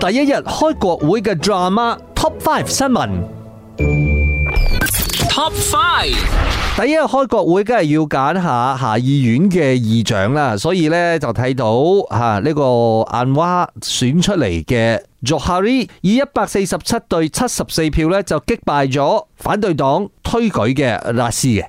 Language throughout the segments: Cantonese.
第一日開國會嘅 drama top five 新聞 top five 第一日開國會，梗係要揀下下議院嘅議長啦，所以咧就睇到吓呢個安娃選出嚟嘅 Johari 以一百四十七對七十四票咧就擊敗咗反對黨推舉嘅拉斯嘅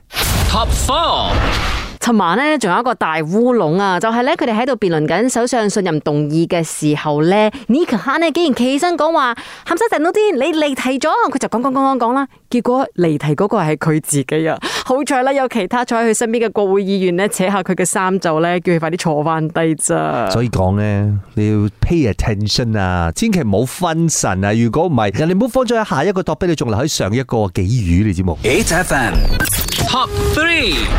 top four。同埋咧，仲有一個大烏龍啊！就係咧，佢哋喺度辯論緊首相信任動議嘅時候咧，倪可漢呢竟然企起身講話，冚晒陣都啲，你離題咗，佢就講講講講講啦。結果離題嗰個係佢自己啊！好彩咧，有其他坐喺佢身邊嘅國會議員咧扯下佢嘅衫袖咧叫佢快啲坐翻低啫。所以講咧，你要 pay attention 啊，千祈唔好分神啊！如果唔係，人哋唔好放咗喺下一個度，俾你仲留喺上一個，幾餘你節目 8FM Top Three。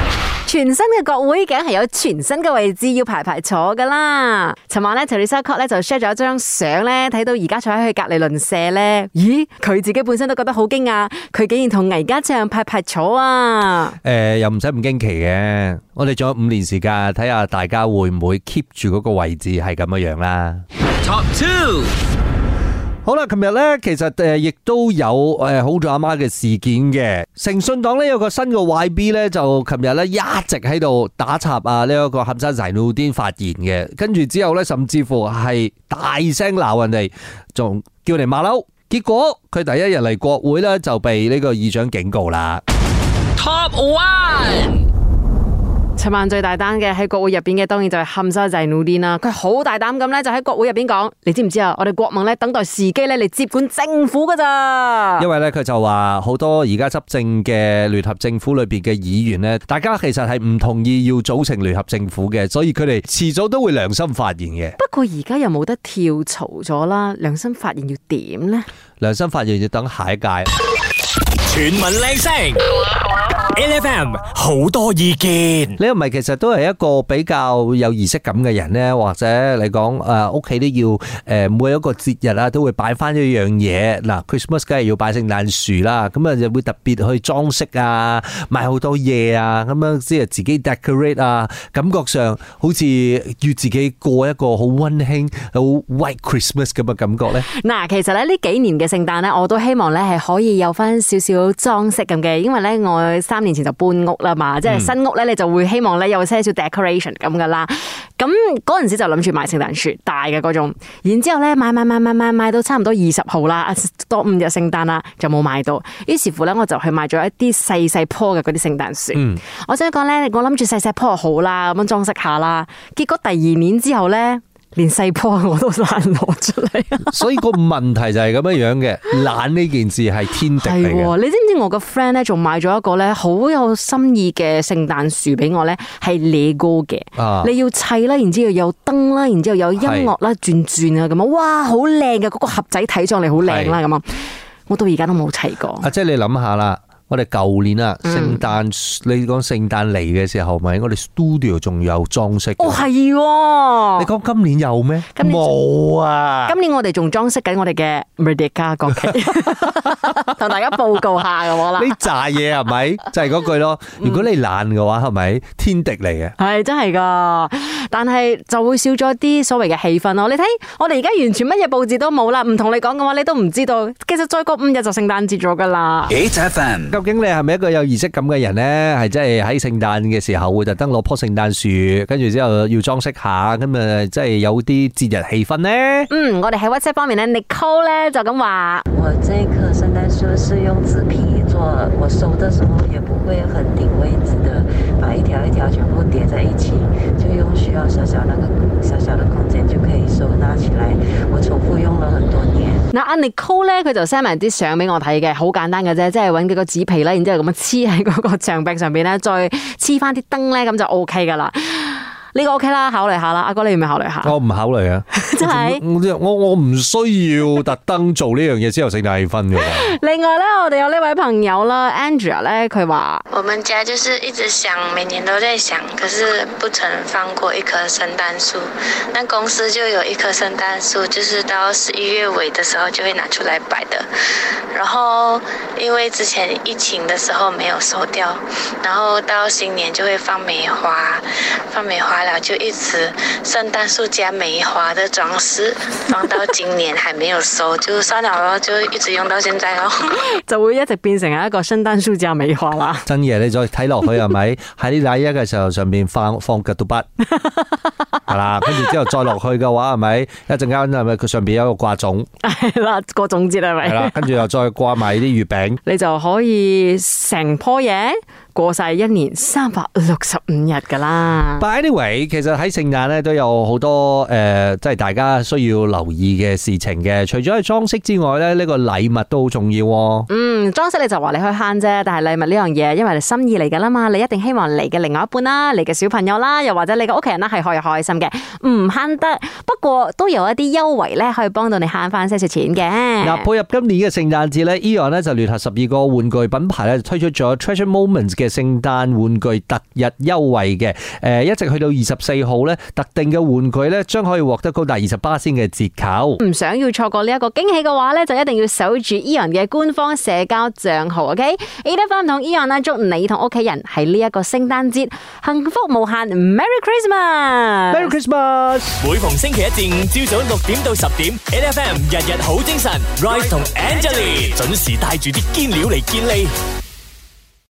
全新嘅國會梗係有全新嘅位置要排排坐噶啦呢。尋晚咧，查理沙克咧就 share 咗一張相咧，睇到而家坐喺佢隔籬鄰舍咧。咦，佢自己本身都覺得好驚訝，佢竟然同魏家祥排排坐啊！誒、呃，又唔使咁驚奇嘅，我哋仲有五年時間，睇下大家會唔會 keep 住嗰個位置係咁樣樣啦。Top two 好啦，琴日咧，其實誒，亦都有誒，好 drama 嘅事件嘅誠信黨呢，有個新嘅 YB 咧，就琴日咧一直喺度打插啊，呢一個坎山柴老癲發言嘅，跟住之後咧，甚至乎係大聲鬧人哋，仲叫你馬騮，結果佢第一日嚟國會咧就被呢個議長警告啦。Top one。尋晚最大單嘅喺國會入邊嘅，當然就係冚沙仔努甸啦！佢好大膽咁咧，就喺國會入邊講，你知唔知啊？我哋國盟咧等待時機咧嚟接管政府噶咋？因為咧佢就話好多而家執政嘅聯合政府裏邊嘅議員咧，大家其實係唔同意要組成聯合政府嘅，所以佢哋遲早都會良心發言嘅。不過而家又冇得跳槽咗啦，良心發言要點呢？良心發言要等下一屆。全民靚聲。L.F.M. 好多意見，你係咪其實都係一個比較有儀式感嘅人咧？或者你講，誒，屋企都要誒，每一個節日啊，都會擺翻一樣嘢。嗱，Christmas 梗係要擺聖誕樹啦，咁啊，就會特別去裝飾啊，買好多嘢啊，咁樣即係自己 decorate 啊，感覺上好似要自己過一個好溫馨、好 White Christmas 咁嘅感覺咧。嗱，其實咧呢幾年嘅聖誕咧，我都希望咧係可以有翻少少裝飾咁嘅，因為咧我三。三年前就搬屋啦嘛，嗯、即係新屋咧，你就會希望咧有些少 decoration 咁噶啦。咁嗰陣時就諗住買聖誕樹大嘅嗰種，然之後咧買買買買買買,買到差唔多二十號啦，多五日聖誕啦，就冇買到。於是乎咧，我就去買咗一啲細細棵嘅嗰啲聖誕樹。我想講咧，我諗住細細棵就好啦，咁樣裝飾下啦。結果第二年之後咧。連細波我都懶攞出嚟， 所以個問題就係咁樣樣嘅，懶呢件事係天敵嚟、哦、你知唔知我個 friend 咧，仲買咗一個咧好有心意嘅聖誕樹俾我咧，係 Lego 嘅，你要砌啦，然之後有燈啦，然之後有音樂啦，轉轉啊咁啊，哇，好靚嘅，嗰、嗰個盒仔睇上嚟好靚啦，咁啊我到而家都冇砌過。即係你諗下啦。我哋舊年啊，聖誕你講聖誕嚟嘅時候，咪、嗯、我哋 studio 仲有裝飾。哦，係喎、啊。你講今年有咩？今冇啊。今年我哋仲裝飾緊我哋嘅 m 馬德加國旗。 同大家報告下嘅我啦，你炸嘢係咪就係嗰句咯？如果你懶嘅話，係咪天敵嚟嘅？係真係噶，但係就會少咗啲所謂嘅氣氛咯。你睇我哋而家完全乜嘢佈置都冇啦，唔同你講嘅話，你都唔知道。其實再過五日就聖誕節咗㗎啦。Hey Jeff M，究竟你係咪一個有儀式感嘅人咧？係真係喺聖誕嘅時候會特登攞棵聖誕樹，跟住之後要裝飾下，咁啊，即係有啲節日氣氛咧。嗯，我哋喺 WhatsApp 方面咧，Nicole 咧就咁話：我棵聖誕樹，就是用紙皮做，我收的時候也不會很頂位置的，把一條一條全部疊在一起，就用需要小小那個小小的空間就可以收納起來。我重複用了很多年。那 Annie Cole 咧，佢就 send 埋啲相俾我睇嘅，好簡單嘅啫，即係搵幾個紙皮啦，然之後咁樣黐喺嗰個牆壁上邊咧，再黐翻啲燈咧，咁就 OK 噶啦。呢、這個 OK 啦，考慮下啦，阿哥，哥你要唔要考慮下？我唔考慮啊， 真係我不我唔需要特登做呢樣嘢，之後聖誕分嘅。 另外咧，我哋有呢位朋友啦，Andrew 咧，佢話：我們家就是一直想每年都在想，可是不曾放過一棵聖誕樹。但公司就有一棵聖誕樹，就是到十一月尾的時候就會拿出來擺的。然後因為之前疫情的時候沒有收掉，然後到新年就會放梅花，放梅花。就一直聖誕樹加梅花的裝飾，放到今年還沒有收，就算咗咯，就一直用到現在咯，就會一直變成一個聖誕樹加梅花啦。真爺，你再睇落去係咪喺第一嘅時候上面放放 g o o d 係啦，跟住之後再落去嘅話係咪一陣間係咪佢上邊有一個掛種係啦，過 種節係咪係啦，跟住又再掛埋啲月餅，你就可以成棵嘢。過晒一年三百六十五日噶啦。But anyway，其實喺聖誕咧都有好多誒，即係大家需要留意嘅事情嘅。除咗係裝飾之外咧，呢個禮物都好重要。嗯，裝飾你就話你去慳啫，但係禮物呢樣嘢，因為你心意嚟噶啦嘛，你一定希望嚟嘅另外一半啦，嚟嘅小朋友啦，又或者你嘅屋企人啦，係可以開心嘅，唔慳得。不過都有一啲優惠咧，可以幫到你慳翻些少錢嘅。嗱，步入今年嘅聖誕節咧，Eon 咧就聯合十二個玩具品牌咧，就推出咗 Treasure Moments 嘅。聖誕玩具特日優惠嘅，誒，一直去到二十四號咧，特定嘅玩具咧，將可以獲得高達二十八巴仙嘅折扣。唔想要錯過呢一個驚喜嘅話咧，就一定要守住 Evan 嘅官方社交賬號，OK？A F M 同 Evan 啦，OK、祝你同屋企人喺呢一個聖誕節幸福無限，Merry Christmas，Merry Christmas。Christmas! 每逢星期一至五朝早六點到十點 A F M 日日好精神，Rice 同 Angelie 準時帶住啲堅料嚟見你。